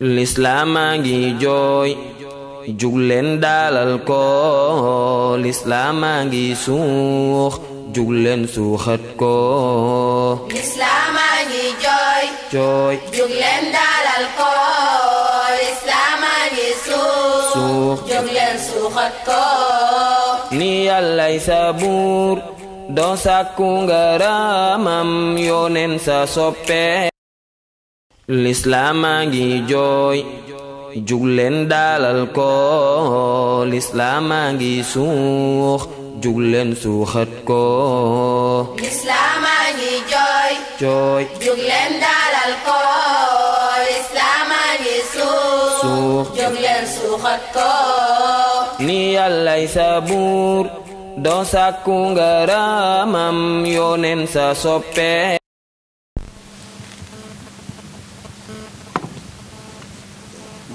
lislaamaa ngi jooy jugleen daalal ko lislaamaa ngi suux jugleen suuxat ko lislaamaa ngi ni yàllay sabuur doo sàkku ngaramam yooneen sa soppe lislaamaa ngi jooy jugleen daalal ko lislaamaa ngi suux jugleen suuxat ko lislaamaa ngi jooy jooy jugleen daalal ko lislaamaa ngi suux jugleen suuxat ko ni yàllay sabuur doo sàkku ngaramam yooneen sa soppe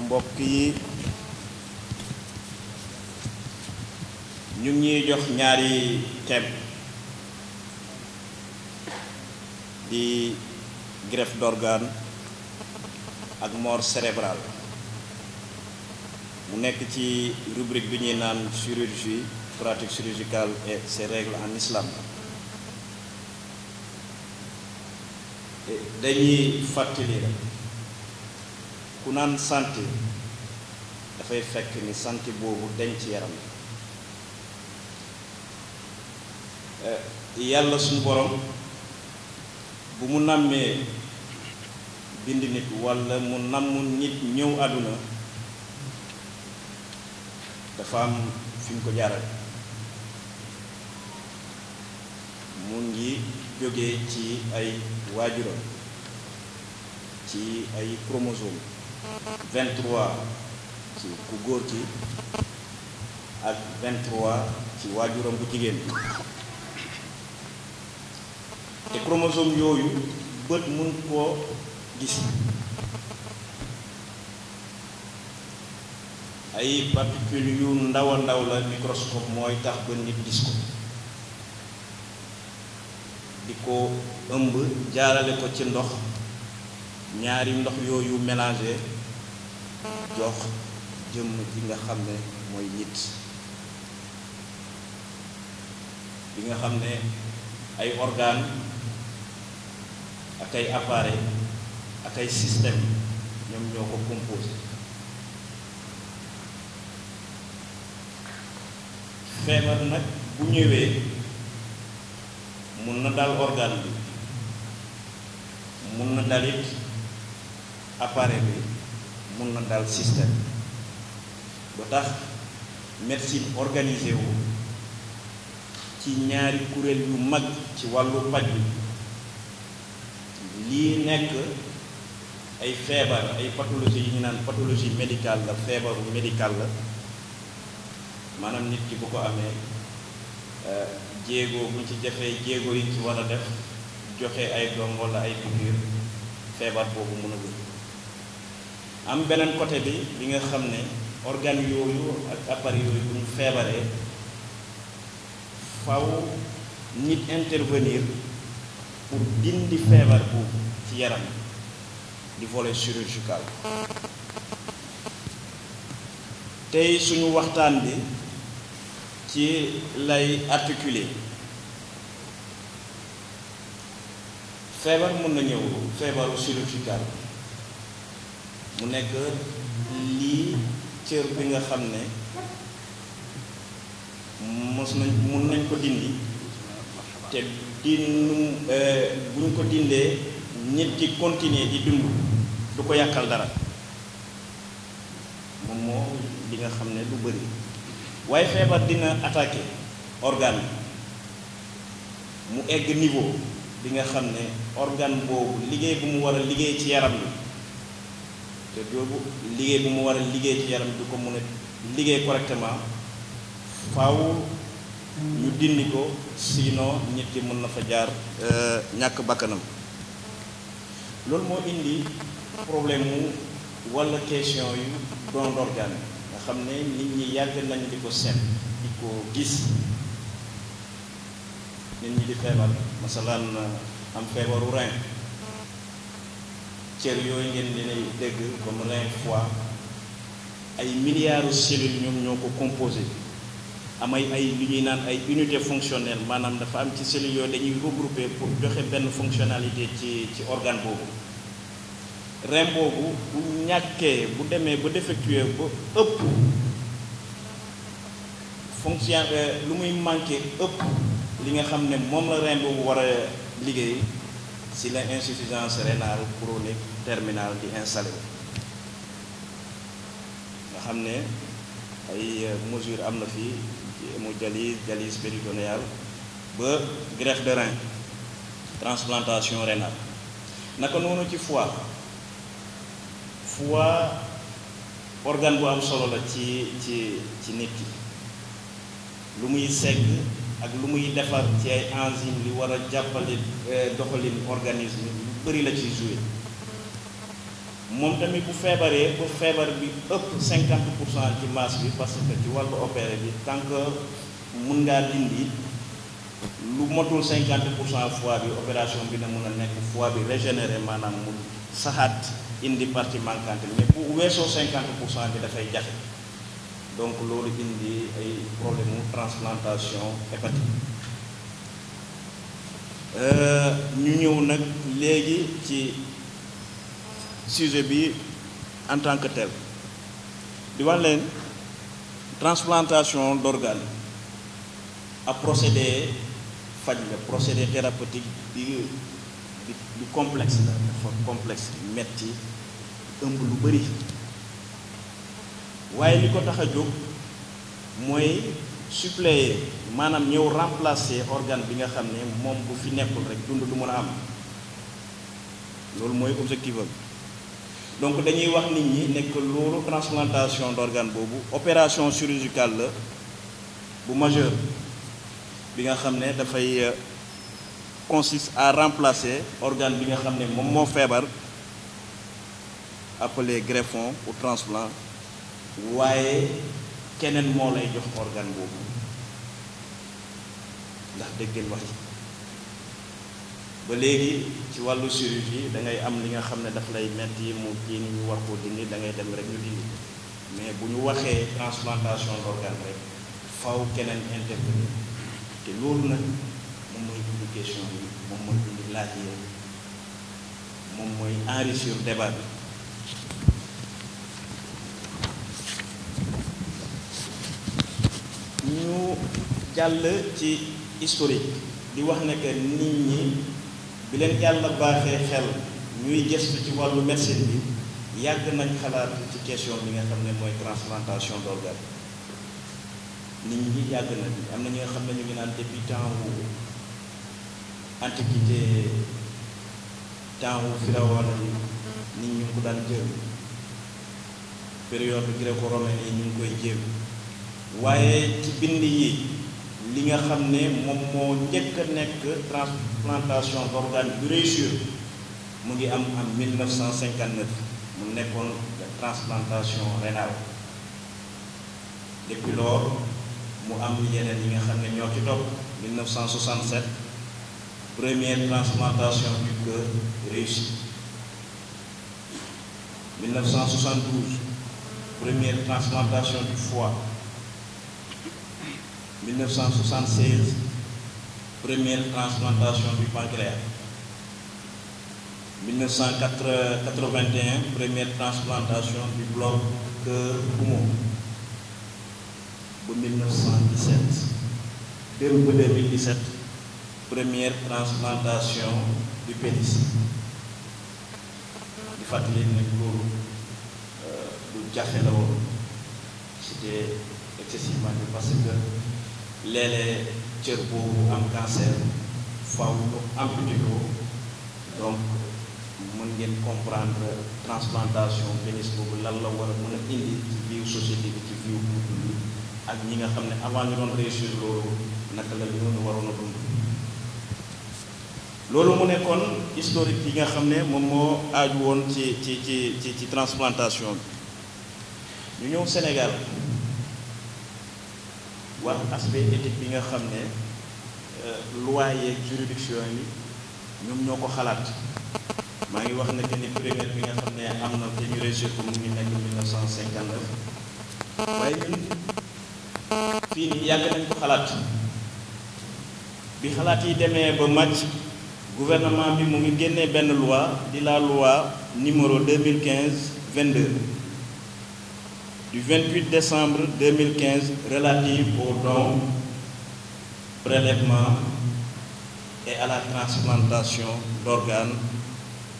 mbokk yi ñu ngi ñuy jox ñaari thème di greffe d'organe ak mort cérébrale mu nekk ci rubrique bi ñuy naan chirurgie pratique chirurgicale et ses règles en islam dañuy fàttali ku naan santé dafay fekk ni santé boobu dañ ci yaram eh, yàlla suñu borom bu mu nàmmee bind nit walla mu namm nit ñëw àdduna dafa am fi mu ko jaarale mu ngi jóge ci ay waajuram ci ay chromosome 23 ci ku góor ki ak 23 ci waajuram bu jigéen bi te chromosome yooyu bët mun koo gis ay particule yu ndaw ndaw la microscope mooy tax ba nit gis ko di ko ëmb jaarale ko ci ndox ñaari ndox yooyu mélangé jox jëmm ji nga xam ne mooy nit bi nga xam ne ay organe ak ay appareil ak ay système ñoom ñoo ko composé feebar nag bu ñëwee mun na daal organe bi mun na dalit appareil bi mun na daal système bu tax médecine organisé wu ci ñaari kuréel yu mag ci wàllu paj bi lii nekk ay feebar ay pathologie yi ñu naan pathologie médicale la feebaru médical la maanaam nit ki bu ko amee euh, jéego buñ ci defee jéego yi ci war a def joxe ay doom wala ay piqûre feebar boobu mën a gudd am beneen côté bi li nga xam ne organe yooyu ak appareil yooyu bu ñu feebaree faw nit intervenir pour dindi feebar boobu ci yaram di volet chirurgical tey suñu waxtaan bi ci lay articuler feebar mën na ñëw feebaru chirurgical mu nekk lii cër bi nga xam ne mos nañ mun nañ ko dindi te dinu eh, buñ ko dindee nit ki continuer di dund du ko yàqal dara moom moo nga xam ne du bëri waaye feebar dina attaqué organe mu egg niveau bi nga xam ne organe boobu liggéey bu mu war a liggéey ci yaram bi te boobu liggéey bu mu war a liggéey ci yaram du ko mën a liggéey correctement faaw ñu dindi ko sinon nit ki mën na fa jaar euh, ñàkk bàkkanam loolu moo indi problème mu walla question yu don d'organe nga xam ne nit ñi yàgg nañ di ko seet di ko gis nit ñi di feebar masalan am feebaru rein cër yooyu ngeen dinay dégg comme rein foie ay milliards cellules ñoom ñoo ko composé amay ay lu ñuy naan ay unité fonctionnelle maanaam dafa am ci cellules yooyu dañuy regroupé pour joxe benn fonctionnalité ci ci organe boobu rein boobu bu ñàkkee bu demee ba défectué ba ëpp fonction euh, lu muy manqué ëpp li nga xam ne moom la rein boobu war a liggéey si la insuffisance rénale chronique terminale di installé wu nga xam ne ay euh, mesure am na fii ci hémodialyse dialyse péritonéale ba greffe de rein transplantation rénale naka noonu ci foie foie organe bu am solo la ci ci ci nit ki lu muy segg ak lu muy defar ci ay enzyme li war a jàppale euh, doxalin organisme lu bëri la ci joué moom tamit bu feebaree bu feebar bi ëpp cinquante pour cent ci masse bi parce que ci wàllu opéré bi tant que mun ngaa dindi lu motul 50 pour cent foie bi opération bi na mun a nekk fois bi régénéré maanaam mu saxaat indi partie manquante mais bu weesoo 50 pour cent bi dafay jafe. donc loolu indi ay problème mu transplantation hépatique euh, ñu ñëw nag léegi ci sujet bi en tant que tel di wax leen transplantation d'organe ab procédé faj la procédé thérapeutique bi bi complexe la dafa complexe metti ëmb lu bëri waaye li ko tax a jóg mooy suppléer maanaam ñëw remplacer organe bi nga xam ne moom bu fi nekkul rek dund lu mën a am loolu mooy objectif am donc dañuy wax nit ñi nekk loolu transplantation d'organe boobu opération chirurgicale la bu majeur bi nga xam ne dafay euh, consiste à remplacer organe bi nga xam ne moom moo feebar appelé greffon ou transplant waaye keneen moo lay jox organe boobu ndax dégg ngeen wax ji ba léegi ci wàllu chirurgie da ngay am li nga xam ne daf lay metti mu kii ni ñu war koo dindi da ngay dem rek ñu dindi mais bu ñu waxee transplantation d'organe rek faw keneen intervenir te loolu nag moom mooy publication bi moom mooy indi laaj yi moom mooy enrichir débat bi jàll ci historique di wax ne que nit ñi bi leen yàlla baaxee xel ñuy gëstu ci wàllu médecine bi yàgg nañ xalaat ci question bi nga xam ne mooy transplantation d'organe nit ñi yàgg na am na ñu nga xam ne ñu ngi naan depuis temps wu antiquité temps wu firawoon yi nit ñu ngi ko daan jël période gréco-romaine yi ñu ngi koy jéem waaye ci bind yi li nga xam ne moom moo njëkk a nekk transplantation d'organe bu réussir mu ngi am en 1959 mu nekkoon transplantation rénale depuis loolu mu am yeneen yi nga xam ne ñoo ci topp 1967 première transplantation du cœur réussie 1972 première transplantation du foie 1976 première transplantation du pancréas 1981 première transplantation du bloc cœur-poumon ba 1917 démb 2017 première transplantation du pénis di fàttali nag loolu euh, lu jafe la woon c'était excessivement parce que. léeg-léeg cër bu am cancer faw amputé ko donc mën ngeen comprendre transplantation pénis boobu lan la war a mën a indi ci biir société bi ci biir couple bi ak ñi nga xam ne avant ñu doon réussir loolu naka la ñu waroon a dund loolu mu nekkoon historique yi nga xam ne moom moo aju woon ci ci ci ci ci transplantation bi ñu ñëw Sénégal wax aspect éthique bi nga xam ne euh, loi yeeg juridiction yi ñoom ñoo ko xalaat maa ngi wax ne que ni première bi nga xam ne am na te ñu rejet ko mu ngi nekk yàgg nañ ko xalaat bi xalaat yi demee ba màcc gouvernement bi mu ngi génnee benn loi di la loi numéro 2015 22 du 28 décembre 2015 relative aux dons, prélèvements et à la transplantation d'organes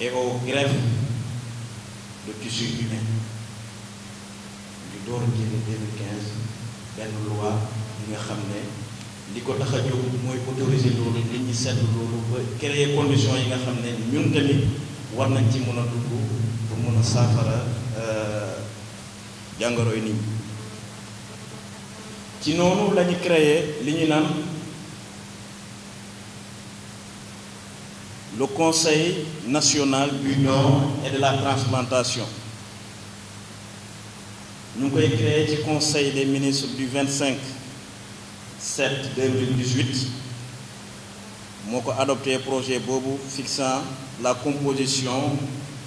et aux greffes de tissus humains. ñu door a benn loi bi nga xam ne li ko tax a jóg mooy autoriser loolu li ñu seetlu loolu ba créer conditions yi nga xam ne ñun tamit war nañ ci mën a dugg pour mën a saafara. jàngoro nit ñi ci noonu la ñu li ñu naan le conseil national du don et de la transplantation ñu ngi koy créé ci conseil des ministres du 25 7 2018 moo ko adopté projet boobu fixant la composition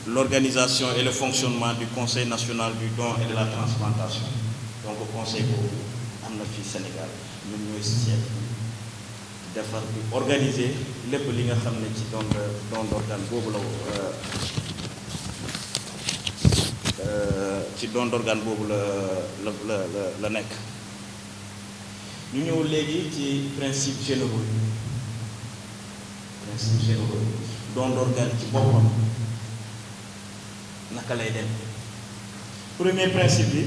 l'organisation et le fonctionnement du conseil national du don et de la transplantation donc conseil boobu am na fii Sénégal ñun ñooy seet defar bi organiser lépp li nga xam ne ci don de don d'organe boobu la euh, ci don d'organe boobu la la la la nekk ñu ñëw léegi ci principe naka lay dem premier principe bi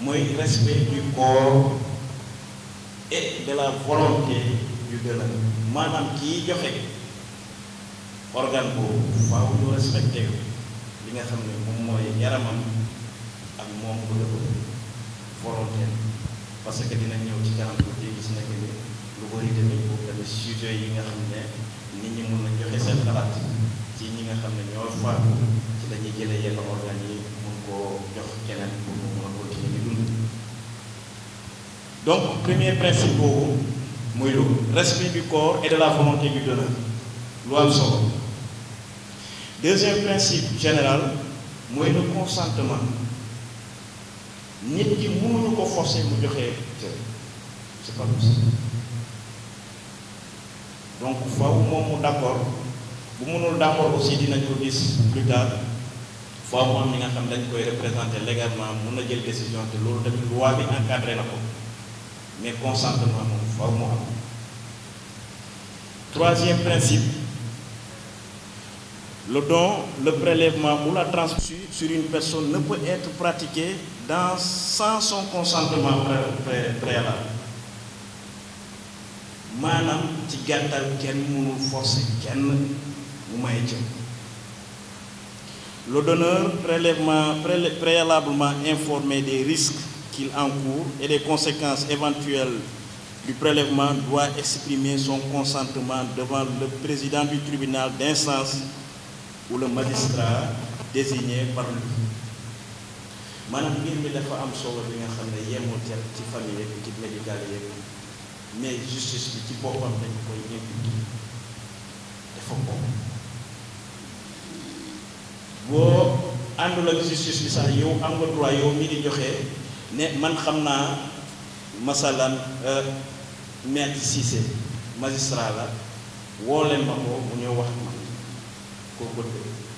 mooy respect du corps et de la volonté du maanaam kii joxe organe boobu faaw ñu respecté li nga xam ne moom mooy yaramam ak moom bu la volonté parce que dina ñëw ci kanam bu dee gis nañu ne lu bari tamit boobu tamit sujet yi nga xam ne nit ñi mun na joxe seen xalaat ci ñi nga xam ne ñoo faatu dañuy jëlee yenn organes yi mun koo jox keneen mun a continuer di dund donc premier principe boobu muy loolu respect du corps et de la volonté du donneur lu am solo deuxième principe général mooy le consentement nit ki mënuñu ko forcer mu joxe donc faaw moom mu d'accord bu mënul d'accord aussi dinañ ko gis plus boobu moom ñi nga xam dañ koy représenté légalement mun na jël décision te loolu tamit loi bi encadré na ko mais consentement moom faaw mu am troisième principe le don le prélèvement ou la transmission sur une personne ne peut être pratiqué dans sans son consentement préalable maanaam ci gàttal kenn mënul forcer kenn mu may jëm le donneur prélèvement, pré préalablement informé des risques qu'il encourt et des conséquences éventuelles du prélèvement doit exprimer son consentement devant le président du tribunal d'instance ou le magistrat désigné par lui maanaam mbir mi dafa am solo bi nga xam ne yemul ca ci famille bi ci médical yëpp mais justice bi ci boppam dañ koy ñëpp dafa bokk boo àndul ak justice bi yow am nga droit yow mi di joxe ne man xam naa masalan euh, maître Cissé magistrat la woo ma ko mu ñëw wax kooku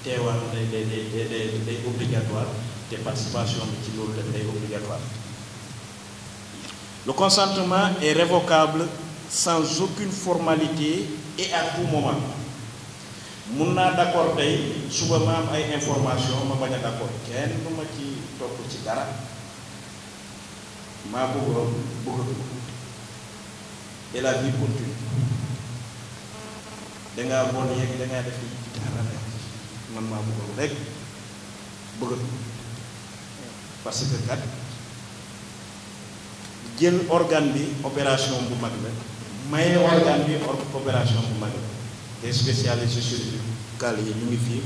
teewal day day day day day obligatoire te participation bi ci loolu tamit day obligatoire le consentement est révocable sans aucune formalité et à tout moment mun naa d'accord tey suba maam ay information ma bañ a d'accord kenn du ci topp ci dara maa bëggoon bëggatuma et la vie continue dangaa bon yeeg dangaa def ci dara rek man maa bëggoon rek bëggatuma parce que kat jël organe bi opération bu mag la maye organe bi opération bu mag des spécialistes chirurgicales yi ñu ngi fii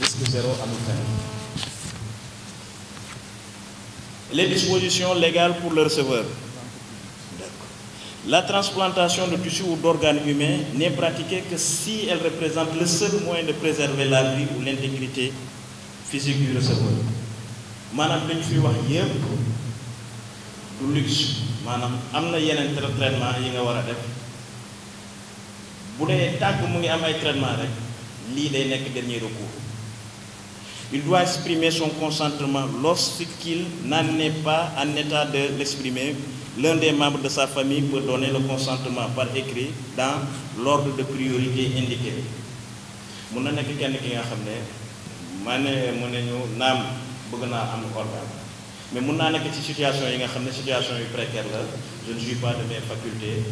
risque zéro amul fenn les dispositions légales pour la receveur la transplantation de tissu ou d'organes humains n'est pratiquée que si elle représente le seul moyen de préserver la vie ou l'intégrité physique du receveur maanaam dañu fi wax yépp du luxe maanaam am na yeneen traitement yi nga war a def bu dee tànk mu ngi am ay traitement rek lii day nekk dernier recours il doit exprimer son consentement lorsqu'il n'en est pas en état de l'exprimer l'un des membres de sa famille peut donner le consentement par écrit dans l'ordre de priorité indiqué mun na nekk kenn ki nga xam ne maa ne mu ne ñu naam bëgg naa am organe mais mun naa nekk ci situation yi nga xam ne situation yu précaire la je ne jouis pas de mes facultés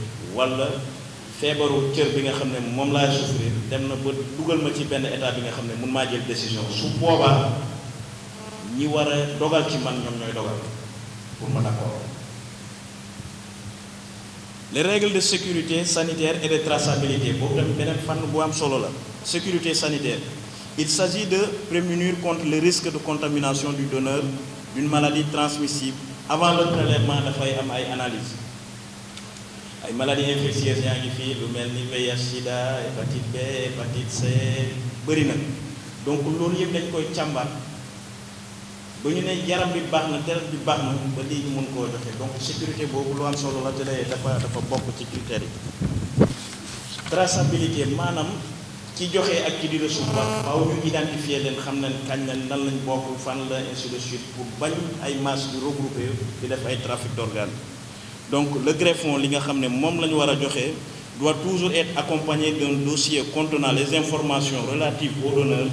feebaru cër bi nga xam ne moom laa souffrir dem na ba dugal ma ci benn état bi nga xam ne mun maa jël décision su boobaa ñi war dogal ci man ñoom ñooy dogal pour ma d'accord les règles de sécurité sanitaire et de traçabilité boobu tamit beneen fànn bu am solo la sécurité sanitaire il s'agit de prémunir contre le risque de contamination du donneur d'une maladie transmissible avant le prélèvement dafay am ay analyses ay maladies infectieuses yaa ngi fii lu mel ni VIH sida hépatite B hépatite C bëri na donc loolu yëpp dañ koy càmbar ba ñu ne yaram bi baax na deret bi baax na ba lii mën koo joxe donc sécurité boobu lu am solo la te dafa dafa bokk ci critères yi traçabilité maanaam ci joxe ak ci di recevoir waaw ñu identifier leen xam nañ kañ nañ nan lañ bokk fan la ainsi de suite pour bañ ay masse di regroupé di def ay trafic d'organes donc le greffon li nga xam ne moom la ñu war a joxe doit toujours être accompagné d'un dossier contenant les informations relatives au donneur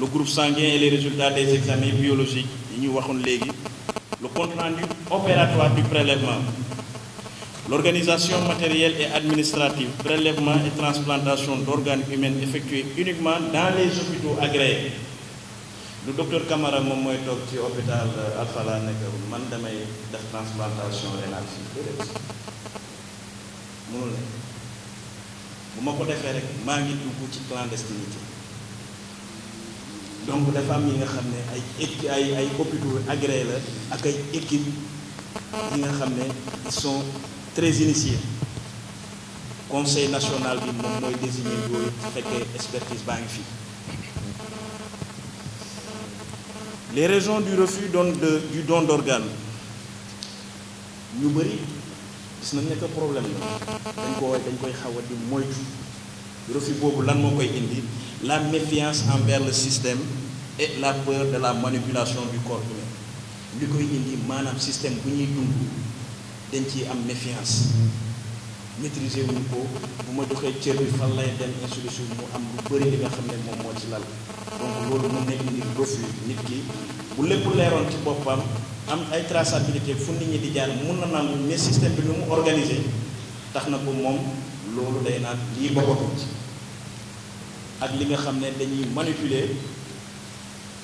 le groupe sanguin et les résultats des examens biologiques yi ñu waxoon léegi le compte rendu opératoire du prélèvement l'organisation matérielle et administrative prélèvement et transplantation d'organes humains effectués uniquement dans les hôpitaux agréés lu docteur Camara moom mooy toog ci hôpital euh, Alfala nekk man damay def transplantation rénale fii déedéet mënul bu ma ko defee rek maa ngi dugg ci clandestinité donc dafa am yi nga xam ne ay équipe ay ay hôpitaux agréé la ak ay équipe yi nga xam ne son sont très initiés conseil national bi moom mooy désigné yooyu fekkee expertise baa ngi fii les raisons du refus don de du don d'organe ñu bëri gis nañ ne que problème la dañ ko dañ koy xaw a di moytu refus boobu lan moo koy indi la méfiance envers le système et la peur de la manipulation du corps li koy indi maanaam système bu ñuy dund dañ ci am méfiance maîtriser wuñu ko bu ma doxee cër bi fan lay dem institution mu am lu bari li nga xam ne moom moo ci lal donc loolu mu nekk ndir refus nit ki bu lépp leeroon ci boppam am ay traçabilité fu nit ñi di jaar mun na nangu mais système bi lu mu organisé tax na ko moom loolu day naat lii bokkatu ci ak li nga xam ne dañuy manipuler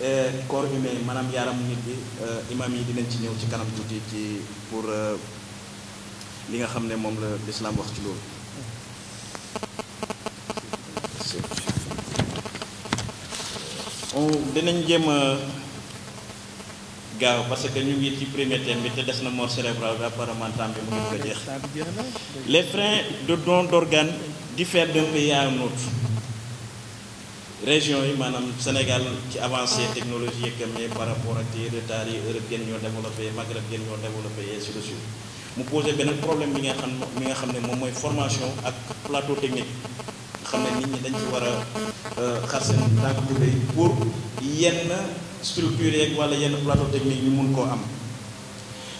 euh, corps humain maanaam yaramu nit bi euh, imam yi di dinañ ci ñëw ci kanam tuuti ci pour euh, li nga xam ne moom la lislaam wax ci loolu on dinañ a gaaw parce que ñu ngi ci premier thème bi te des na moo cérébrale bi apparemment temps bi mu ngi ko jeex les freins de don d'organes diffèrent d'un pays à un autre région yi maanaam Sénégal ci avancé technologie yeeg mais par rapport ak ci retard yi Europe gën ñoo développé Maghreb gën ñoo développé et ainsi de suite mu posé benn problème bi nga xam mi nga xam ne moom mooy formation ak plateau technique xam ne nit ñi dañ ci war a euh, xar seen tànk bu pour yenn structure yeeg wala yenn plateau technique ñu mun koo am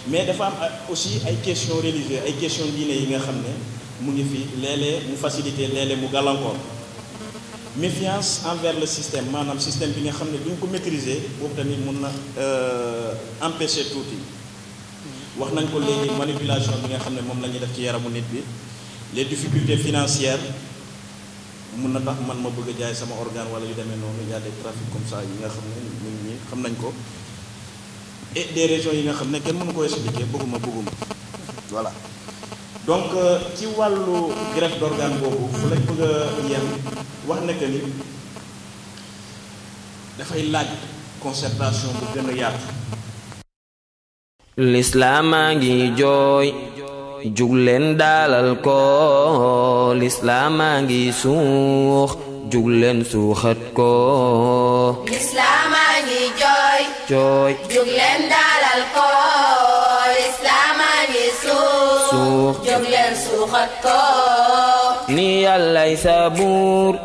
mais dafa am euh, aussi ay questions religieuses ay questions diine yi nga xam ne mu ngi fi léeg-léeg mu facilité léeg-léeg mu gàllankoor méfiance envers le système maanaam système bi nga xam ne duñ ko maîtriser boobu tamit mun na euh, empêcher tuuti. wax nañ ko léegi manipulation bi nga xam ne moom la ñuy def ci yaramu nit bi les difficultés financière mun na tax man ma bëgg a jaay sama organe wala yu demee noonu y a des trafics comme ça yi nga xam ne ñun ñi xam nañ ko et des régions yi nga xam ne kenn mënu koo expliquer bëgguma bëgguma voilà donc euh, ci wàllu greffe d'organe boobu fu lañ bëgg a wax na que ni dafay laaj concertation bu gën a lislaamaa ngi jooy jugleen daalal ko lislaamaa ngi suux jugleen suuxat ko lislaamaa ngi jooy jooy jugleen daalal ko lislaamaa ngi suux jugleen suuxat ko ni yàllay sabuur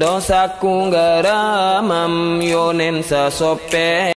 doo sàkku ngaramam yooneen sa soppe